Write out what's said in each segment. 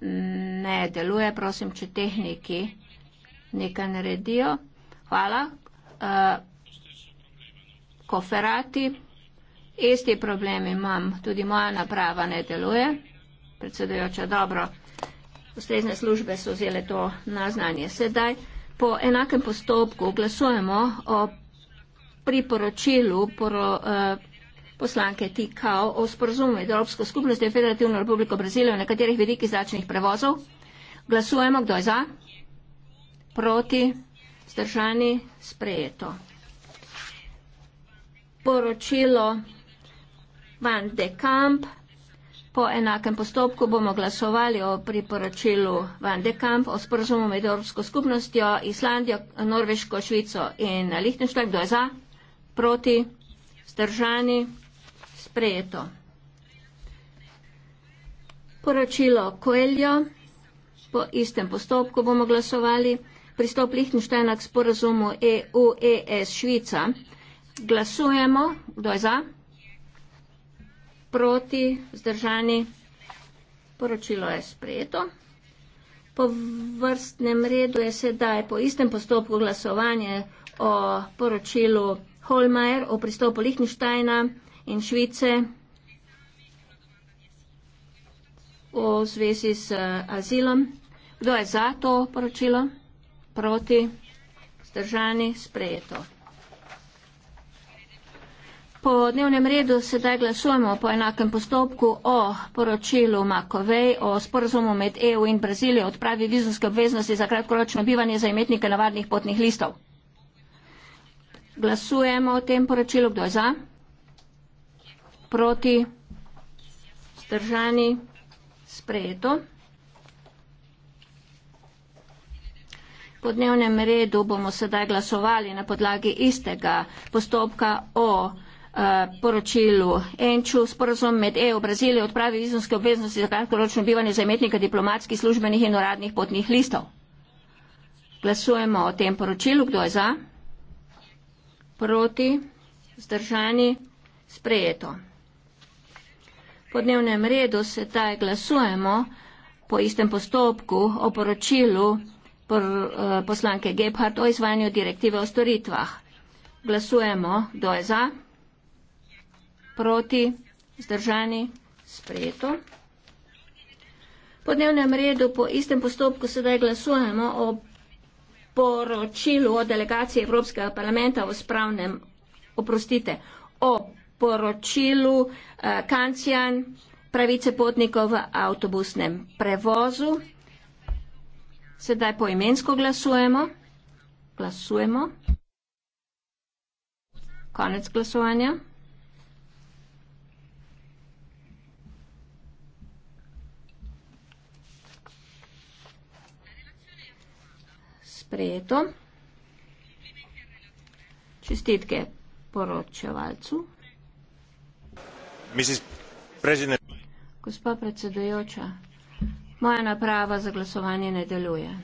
ne deluje, prosim, če tehniki nekaj naredijo. Hvala. Uh, koferati. Isti problem imam. Tudi moja naprava ne deluje. Predsedujoča, dobro. Ustrezne službe so vzele to na znanje. Sedaj po enakem postopku glasujemo o priporočilu. Poro, uh, eh, poslanke TKO o sporozumu med Evropsko skupnostjo in Federativno republiko Brazilijo v nekaterih vidikih zračnih prevozov. Glasujemo, kdo je za? Proti? Zdržani? Sprejeto. Poročilo Van de Kamp. Po enakem postopku bomo glasovali o priporočilu Van de Kamp o sporozumu med Evropsko skupnostjo, Islandijo, Norveško, Švico in Lihtenštajn. Kdo je za? Proti? Zdržani? Sprejeto sprejeto. Poročilo Koeljo, po istem postopku bomo glasovali, pristop Lihtenštajna k sporazumu EU-ES Švica. Glasujemo, kdo je za? Proti, zdržani. Poročilo je sprejeto. Po vrstnem redu je sedaj po istem postopku glasovanje o poročilu Holmajer o pristopu Lihtenštajna in Švice v zvezi s eh, azilom. Kdo je za to poročilo? Proti? Zdržani? Sprejeto. Po dnevnem redu sedaj glasujemo po enakem postopku o poročilu Makovej o sporozumu med EU in Brazilijo odpravi vizumske obveznosti za kratkoročno bivanje za imetnike navadnih potnih listov. Glasujemo o tem poročilu, kdo je za? proti zdržani sprejeto. Po dnevnem redu bomo sedaj glasovali na podlagi istega postopka o eh, poročilu Enču, sporozum med EU, Brazilijo, odpravi izonske obveznosti za kratkoročno bivanje zametnika diplomatskih, službenih in uradnih potnih listov. Glasujemo o tem poročilu. Kdo je za? Proti? Zdržani? Sprejeto po dnevnem redu sedaj glasujemo po istem postopku o poročilu por, eh, poslanke Gebhardt o izvajanju direktive o storitvah. Glasujemo, kdo je za, proti, zdržani, sprejeto. Po dnevnem redu po istem postopku sedaj glasujemo o poročilu o delegaciji Evropskega parlamenta v spravnem, oprostite, poročilu eh, Kancijan pravice potnikov v avtobusnem prevozu. Sedaj poimensko glasujemo. Glasujemo. Konec glasovanja. Sprejeto. Čestitke poročevalcu. Gospa predsedujoča, moja naprava za glasovanje ne deluje.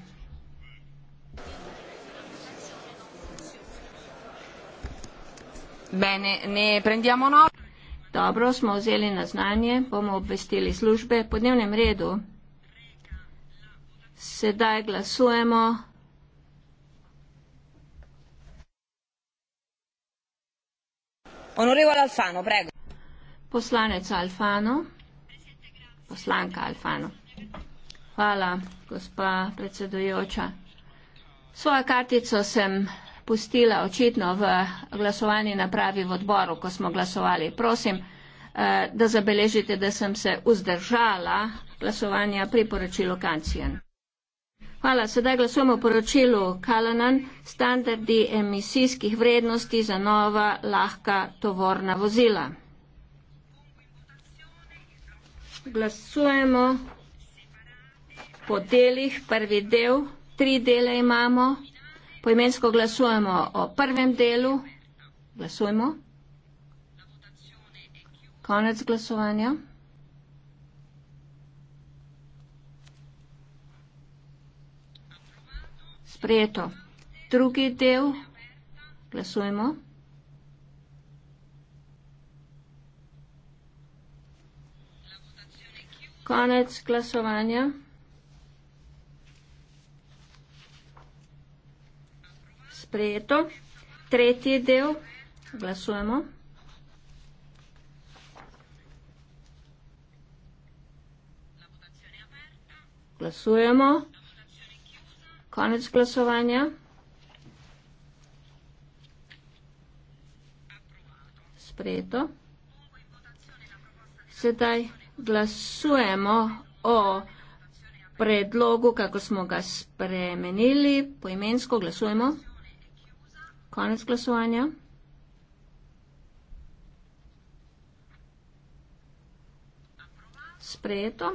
Bene, ne prendiamo no. Dobro, smo vzeli na znanje, bomo obvestili službe. Po dnevnem redu sedaj glasujemo. Onorevole Alfano, prego. Poslanec Alfano. Poslanka Alfano. Hvala, gospa predsedujoča. Svojo kartico sem pustila očitno v glasovanji napravi v odboru, ko smo glasovali. Prosim, eh, da zabeležite, da sem se vzdržala glasovanja pri poročilu Kancijan. Hvala. Sedaj glasujemo o poročilu Kalanan, standardi emisijskih vrednosti za nova lahka tovorna vozila glasujemo po delih, prvi del, tri dele imamo, poimensko glasujemo o prvem delu, glasujemo, konec glasovanja. Sprejeto. Drugi del. Glasujemo. Konec glasovanja. Sprejeto. Tretji del. Glasujemo. Glasujemo. Konec glasovanja. Sprejeto. Sedaj glasujemo o predlogu, kako smo ga spremenili. Poimensko glasujemo. Konec glasovanja. Sprejeto.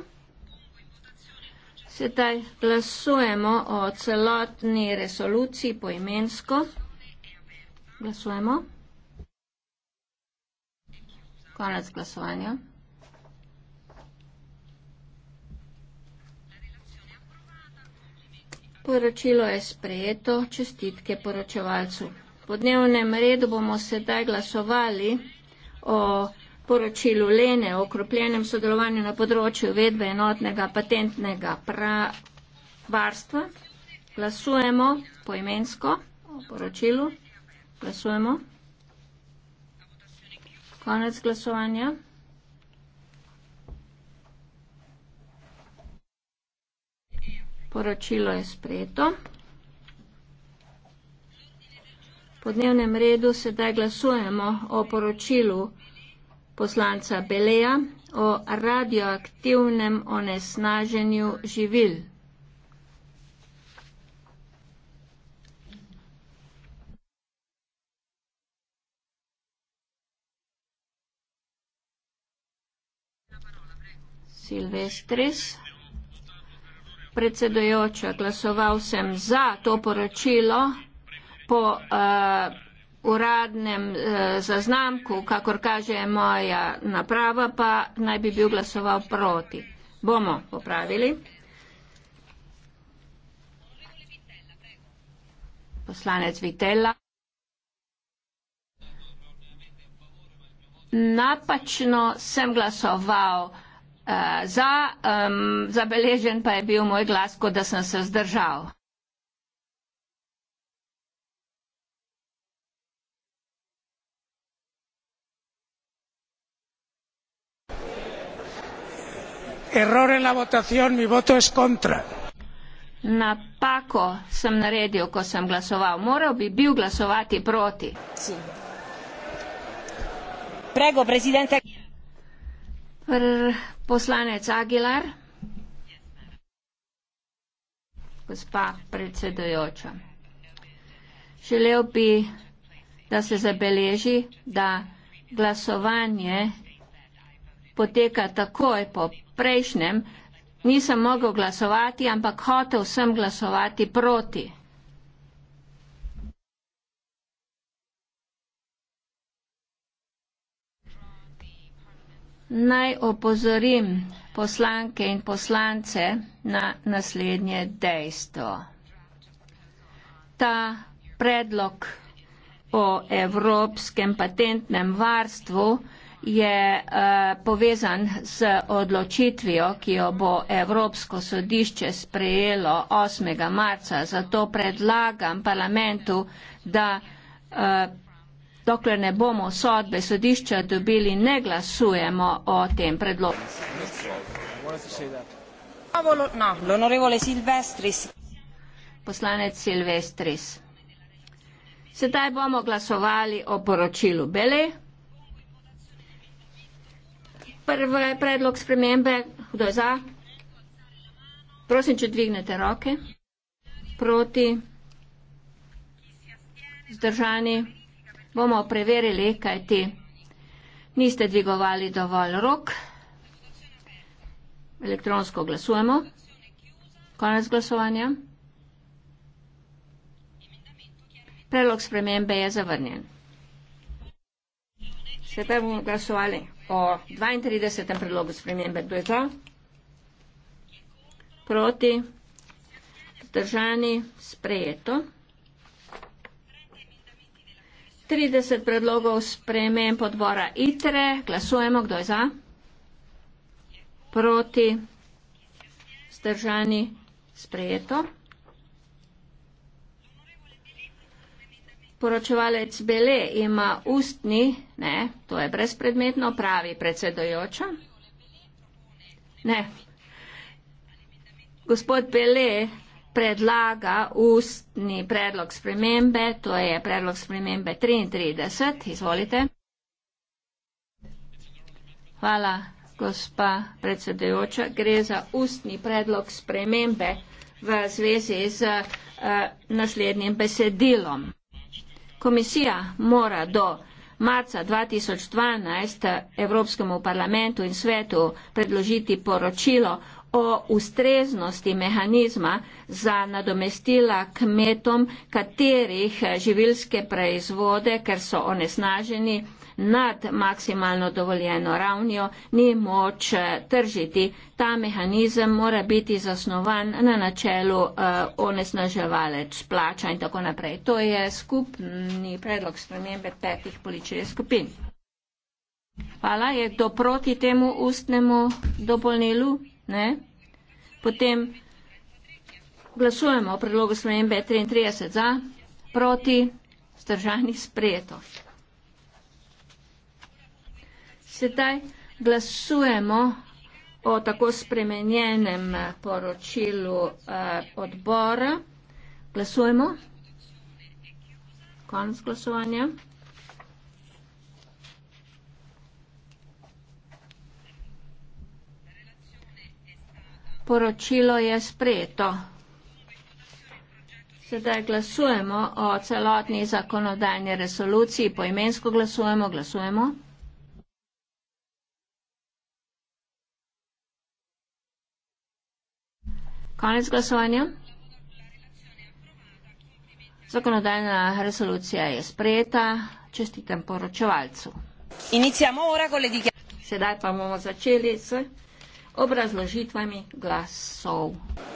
Sedaj glasujemo o celotni resoluciji poimensko. Glasujemo. Konec glasovanja. Poročilo je sprejeto, čestitke poročevalcu. Po dnevnem redu bomo sedaj glasovali o poročilu Lene o okropljenem sodelovanju na področju vedbe enotnega patentnega varstva. Glasujemo poimensko o poročilu. Glasujemo. Konec glasovanja. Poročilo je sprejeto. Po dnevnem redu sedaj glasujemo o poročilu poslanca Beleja o radioaktivnem onesnaženju živil. Silvestris predsedojoča, glasoval sem za to poročilo po uh, uradnem uh, zaznamku, kakor kaže moja naprava, pa naj bi bil glasoval proti. Bomo popravili. Poslanec Vitella. Napačno sem glasoval. Eh, za, zabeležen pa je bil moj glas, kot da sem se zdržal. Error en la votación, mi voto es contra. Napako sem naredil, ko sem glasoval. Moral bi bil glasovati proti. Prego, presidente. Poslanec Aguilar. Gospa predsedojoča. Želel bi, da se zabeleži, da glasovanje poteka takoj po prejšnjem. Nisem mogel glasovati, ampak hotel sem glasovati proti. Naj opozorim poslanke in poslance na naslednje dejstvo. Ta predlog o evropskem patentnem varstvu je uh, povezan z odločitvijo, ki jo bo Evropsko sodišče sprejelo 8. marca. Zato predlagam parlamentu, da uh, Dokler ne bomo sodbe sodišča dobili, ne glasujemo o tem predlogu. No, Poslanec Silvestris. Sedaj bomo glasovali o poročilu Bele. Prvi predlog spremembe, kdo je za? Prosim, če dvignete roke. Proti. Zdržani bomo preverili, kaj ti niste dvigovali dovolj rok. Elektronsko glasujemo. Konec glasovanja. Predlog spremembe je zavrnjen. Se pa bomo glasovali o 32. predlogu spremembe. Kdo je za? Proti. Zdržani. Sprejeto. 30 predlogov sprememb podbora ITRE. Glasujemo, kdo je za? Proti? Zdržani? Sprejeto. Poročevalec Bele ima ustni, ne, to je brezpredmetno, pravi predsedojoča. Ne. Gospod Bele predlaga ustni predlog spremembe, to je predlog spremembe 33. Izvolite. Hvala, gospa predsedujoča. Gre za ustni predlog spremembe v zvezi z uh, naslednjim besedilom. Komisija mora do marca 2012 Evropskemu parlamentu in svetu predložiti poročilo o ustreznosti mehanizma za nadomestila kmetom, katerih živilske proizvode, ker so onesnaženi, nad maksimalno dovoljeno ravnjo, ni moč eh, tržiti. Ta mehanizem mora biti zasnovan na načelu uh, onesnaževalec plača in tako naprej. To je skupni predlog spremembe petih političnih skupin. Hvala. Je kdo proti temu ustnemu dopolnilu? Ne? Potem glasujemo o predlogu spremembe 33 za, proti, zdržani sprejeto sedaj glasujemo o tako spremenjenem poročilu eh, odbora. Glasujemo. Konec glasovanja. Poročilo je sprejeto. Sedaj glasujemo o celotni zakonodajni resoluciji. Poimensko glasujemo. Glasujemo. glasujemo. Konec glasovanja. Zakonodajna resolucija je sprejeta. Čestitam poročevalcu. Sedaj pa bomo začeli s obrazložitvami glasov.